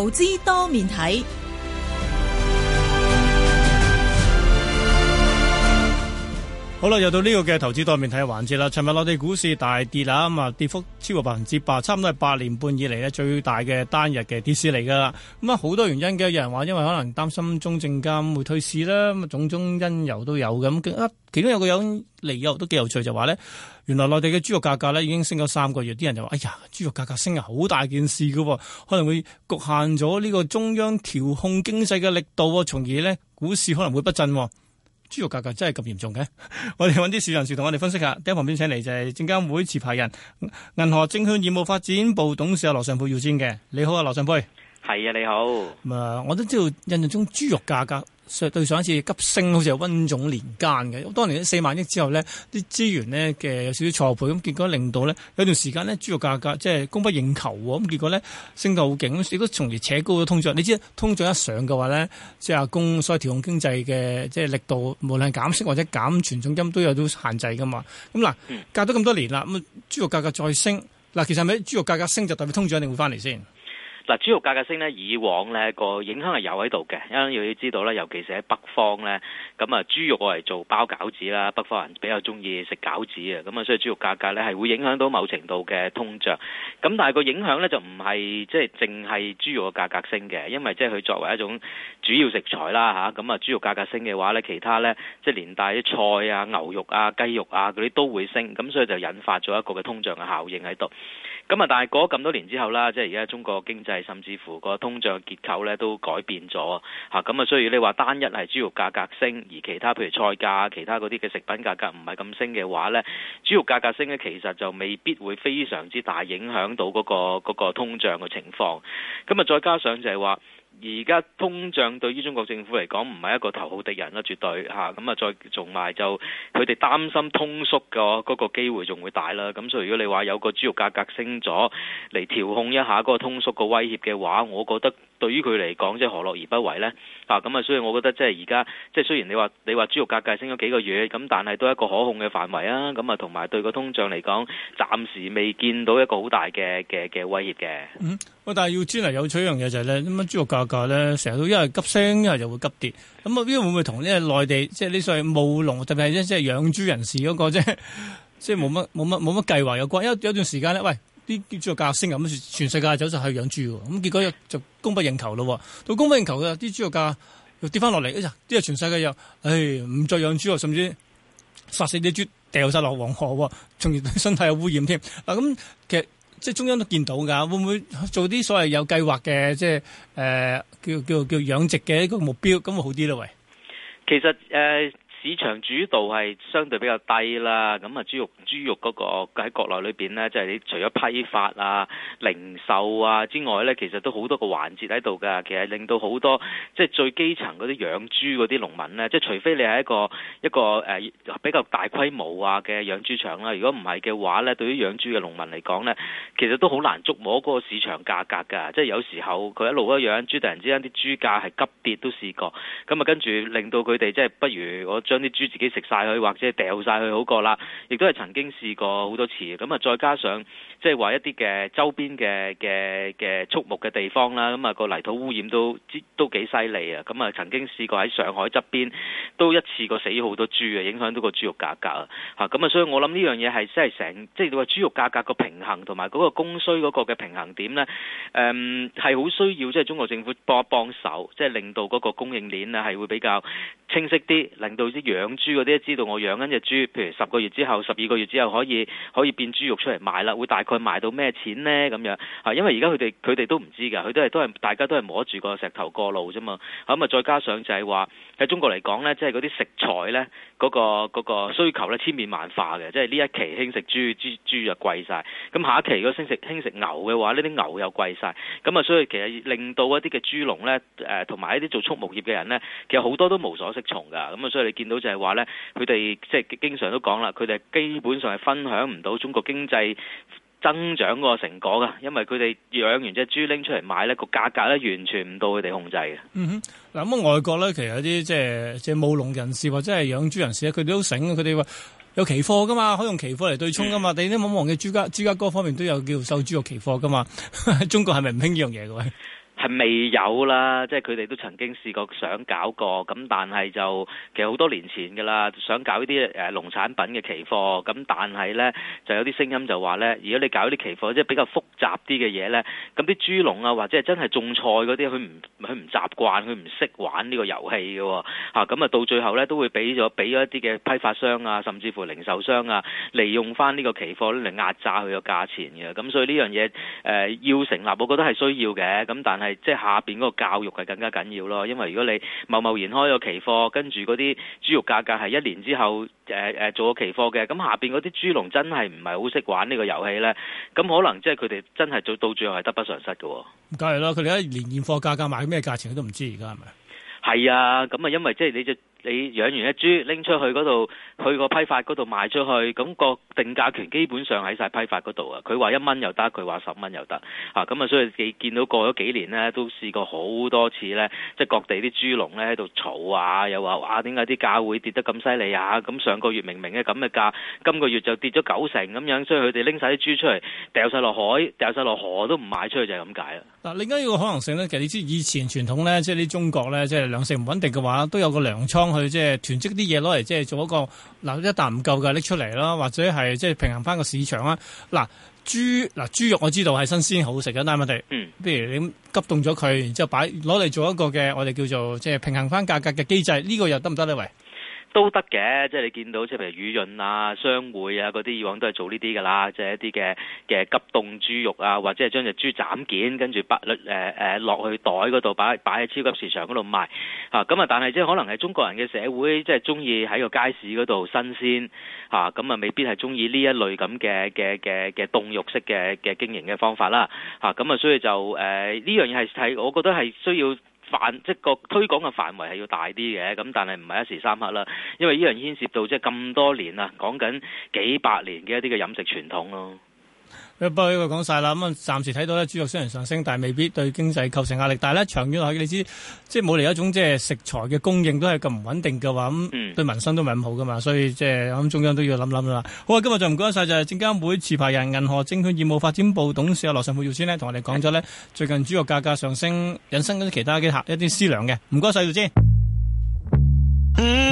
投資多面睇。好啦，又到呢個嘅投資多面睇嘅環節啦。尋日內地股市大跌啦，咁啊跌幅超過百分之八，差唔多係八年半以嚟最大嘅單日嘅跌市嚟噶啦。咁啊好多原因嘅，有人話因為可能擔心中證監會退市啦，咁啊種種因由都有。咁啊，其中有個人理由都幾有趣，就話呢，原來內地嘅豬肉價格呢已經升咗三個月，啲人就話，哎呀，豬肉價格升咗好大件事噶，可能會局限咗呢個中央調控經濟嘅力度，從而呢股市可能會不振。豬肉價格真係咁嚴重嘅？ 我哋搵啲市場人士同我哋分析下。第一旁邊請嚟就係證監會持牌人、銀河證券業務發展部董事阿羅尚佩要先嘅。你好啊，羅尚佩。係啊，你好。啊、嗯，我都知道印象中豬肉價格。上對上一次急升，好似係溫總年間嘅。當年四萬億之後呢啲資源呢，嘅有少少錯配，咁結果令到呢有段時間呢豬肉價格即係供不應求喎。咁結果呢升到好勁，咁亦都從而扯高咗通脹。你知通脹一上嘅話呢，即係供所謂調控經濟嘅即係力度，無論減息或者減存準金都有啲限制㗎嘛。咁嗱，隔咗咁多年啦，咁豬肉價格再升，嗱其實係咪豬肉價格升就代表通脹一定會翻嚟先？嗱豬肉價格升咧，以往咧個影響係有喺度嘅，因為要知道咧，尤其是喺北方咧，咁啊豬肉我嚟做包餃子啦，北方人比較中意食餃子啊，咁啊所以豬肉價格咧係會影響到某程度嘅通脹，咁但係個影響咧就唔係即係淨係豬肉嘅價格升嘅，因為即係佢作為一種主要食材啦吓，咁啊豬肉價格升嘅話咧，其他咧即係連帶啲菜啊、牛肉啊、雞肉啊嗰啲都會升，咁所以就引發咗一個嘅通脹嘅效應喺度。咁啊！但係過咗咁多年之後啦，即係而家中國經濟甚至乎個通脹結構咧都改變咗嚇。咁啊，所以你話單一係豬肉價格升，而其他譬如菜價、其他嗰啲嘅食品價格唔係咁升嘅話呢，豬肉價格升咧其實就未必會非常之大影響到嗰個嗰個通脹嘅情況。咁啊，再加上就係話。而家通脹對於中國政府嚟講唔係一個頭號敵人啦，絕對咁啊！再做埋就佢哋擔心通縮個嗰個機會仲會大啦。咁所以如果你話有個豬肉價格升咗嚟調控一下嗰個通縮個威脅嘅話，我覺得。對於佢嚟講，即係何樂而不為咧？啊，咁、嗯、啊，所以我覺得即係而家，即係雖然你話你話豬肉價格升咗幾個月，咁但係都係一個可控嘅範圍啊。咁、嗯、啊，同埋對個通脹嚟講，暫時未見到一個好大嘅嘅嘅威脅嘅。嗯，喂、哦，但係、就是、要知嚟有趣一樣嘢就係咧，咁啊豬肉價格咧，成日都因為急升，一係就會急跌。咁、嗯、啊，呢個會唔會同呢個內地即係呢所謂務農，特別係即係養豬人士嗰、那個呵呵即係即係冇乜冇乜冇乜計劃有關？有有段時間咧，喂。啲豬肉價升，咁全世界走晒去養豬喎，咁結果就供不應求咯。到供不應求嘅，啲豬肉價又跌翻落嚟。哎呀，啲啊全世界又，唉唔再養豬喎，甚至殺死啲豬掉晒落黃河，仲要對身體有污染添。啊咁，其實即係中央都見到㗎，會唔會做啲所謂有計劃嘅，即係誒叫叫叫養殖嘅一個目標咁好啲咯？喂，其實、uh 市場主導係相對比較低啦，咁啊豬肉豬肉嗰個喺國內裏邊呢，即係你除咗批發啊、零售啊之外呢，其實都好多個環節喺度㗎。其實令到好多即係最基層嗰啲養豬嗰啲農民呢，即係除非你係一個一個誒比較大規模啊嘅養豬場啦，如果唔係嘅話呢，對於養豬嘅農民嚟講呢，其實都好難捉摸嗰個市場價格㗎。即係有時候佢一路喺養豬，突然之間啲豬價係急跌都試過，咁啊跟住令到佢哋即係不如我將。啲豬自己食晒佢，或者掉晒佢好過啦。亦都係曾經試過好多次。咁啊，再加上即係話一啲嘅周邊嘅嘅嘅畜牧嘅地方啦。咁啊，個泥土污染都都幾犀利啊。咁啊，曾經試過喺上海側邊都一次過死好多豬啊，影響到個豬肉價格啊。吓。咁啊，所以我諗呢樣嘢係即係成，即係話豬肉價格個平衡同埋嗰個供需嗰個嘅平衡點咧，誒、嗯，係好需要即係中國政府幫一幫手，即係令到嗰個供應鏈啊，係會比較清晰啲，令到。啲養豬嗰啲都知道，我養緊隻豬，譬如十個月之後，十二個月之後可以可以變豬肉出嚟賣啦，會大概賣到咩錢咧咁樣嚇，因為而家佢哋佢哋都唔知噶，佢都係都係大家都係摸住個石頭過路啫嘛。咁、嗯、啊，再加上就係話喺中國嚟講咧，即係嗰啲食材咧嗰、嗰個嗰、嗰個需求咧千變萬化嘅，即係呢一期興食豬豬豬就貴晒，咁下一期如果興食興食牛嘅話呢啲牛又貴晒，咁啊，所以其實令到一啲嘅豬農咧誒同埋一啲做畜牧業嘅人咧，其實好多都無所適從噶，咁啊，所以你見。到就係話咧，佢哋即係經常都講啦，佢哋基本上係分享唔到中國經濟增長個成果噶，因為佢哋養完隻豬拎出嚟買咧，個價格咧完全唔到佢哋控制嘅。嗯哼，嗱咁外國咧，其實有啲即係即係務農人士或者係養豬人士咧，佢哋都醒，佢哋話有期貨噶嘛，可以用期貨嚟對沖噶嘛。你都冇忘記豬價、芝加哥方面都有叫瘦豬肉期貨噶嘛？ 中國係咪唔興呢樣嘢嘅？係未有啦，即係佢哋都曾經試過想搞過，咁但係就其實好多年前㗎啦，想搞呢啲誒農產品嘅期貨，咁但係呢就有啲聲音就話呢：如果你搞啲期貨，即係比較複雜啲嘅嘢呢，咁啲豬農啊或者係真係種菜嗰啲，佢唔佢唔習慣，佢唔識玩呢個遊戲嘅、哦，嚇咁啊到最後呢，都會俾咗俾咗一啲嘅批發商啊，甚至乎零售商啊，利用翻呢個期貨嚟壓榨佢個價錢嘅，咁所以呢樣嘢誒、呃、要成立，我覺得係需要嘅，咁但係。係即係下邊嗰個教育係更加緊要咯，因為如果你貿貿然開個期貨，跟住嗰啲豬肉價格係一年之後誒誒、呃、做個期貨嘅，咁下邊嗰啲豬農真係唔係好識玩呢個遊戲咧，咁可能即係佢哋真係到到最後係得不償失嘅。梗係啦，佢哋一年現貨價格賣咩價錢佢都唔知，而家係咪？係啊，咁啊，因為即係你就。你養完一豬拎出去嗰度，去個批發嗰度賣出去，咁個定價權基本上喺晒批發嗰度啊！佢話一蚊又得，佢話十蚊又得，嚇咁啊！所以你見到過咗幾年呢，都試過好多次呢，即係各地啲豬農呢喺度吵啊，又話啊點解啲價會跌得咁犀利啊？咁上個月明明嘅咁嘅價，今個月就跌咗九成咁樣，所以佢哋拎晒啲豬出嚟，掉晒落海，掉晒落河都唔賣出去就係咁解啊。嗱，另一個可能性呢，其實你知以前傳統呢，即係啲中國呢，即係糧食唔穩定嘅話，都有個糧倉。去即係囤積啲嘢攞嚟，即係做一個嗱一啖唔夠嘅拎出嚟啦，或者係即係平衡翻個市場啦。嗱、啊，豬嗱豬肉我知道係新鮮好食嘅，係咪啊？嗯，譬如你急凍咗佢，然之後擺攞嚟做一個嘅，我哋叫做即係平衡翻價格嘅機制。呢、呢個又得唔得咧？喂？都得嘅，即係你見到，即係譬如雨潤啊、商會啊嗰啲以往都係做呢啲㗎啦，即係一啲嘅嘅急凍豬肉啊，或者係將隻豬斬件，跟住擺落誒誒落去袋嗰度，擺擺喺超級市場嗰度賣嚇。咁啊，但係即係可能係中國人嘅社會，即係中意喺個街市嗰度新鮮嚇，咁啊未必係中意呢一類咁嘅嘅嘅嘅凍肉式嘅嘅經營嘅方法啦嚇。咁啊，所以就誒呢樣嘢係，我覺得係需要。範即個推廣嘅範圍係要大啲嘅，咁但係唔係一時三刻啦，因為呢樣牽涉到即係咁多年啊，講緊幾百年嘅一啲嘅飲食傳統咯。佢過呢個講曬啦，咁啊暫時睇到咧，豬肉雖然上升，但係未必對經濟構成壓力。但係咧，長遠落去，你知即係冇嚟一種即係食材嘅供應都係咁唔穩定嘅話，咁對民生都唔係咁好噶嘛。所以即係咁中央都要諗諗啦。好啊，今日就唔該晒，就係證監會持牌人、銀河證券業務發展部董事羅尚富耀先呢，同我哋講咗呢最近豬肉價格上升引申緊其他嘅一啲思量嘅。唔該曬耀先。嗯。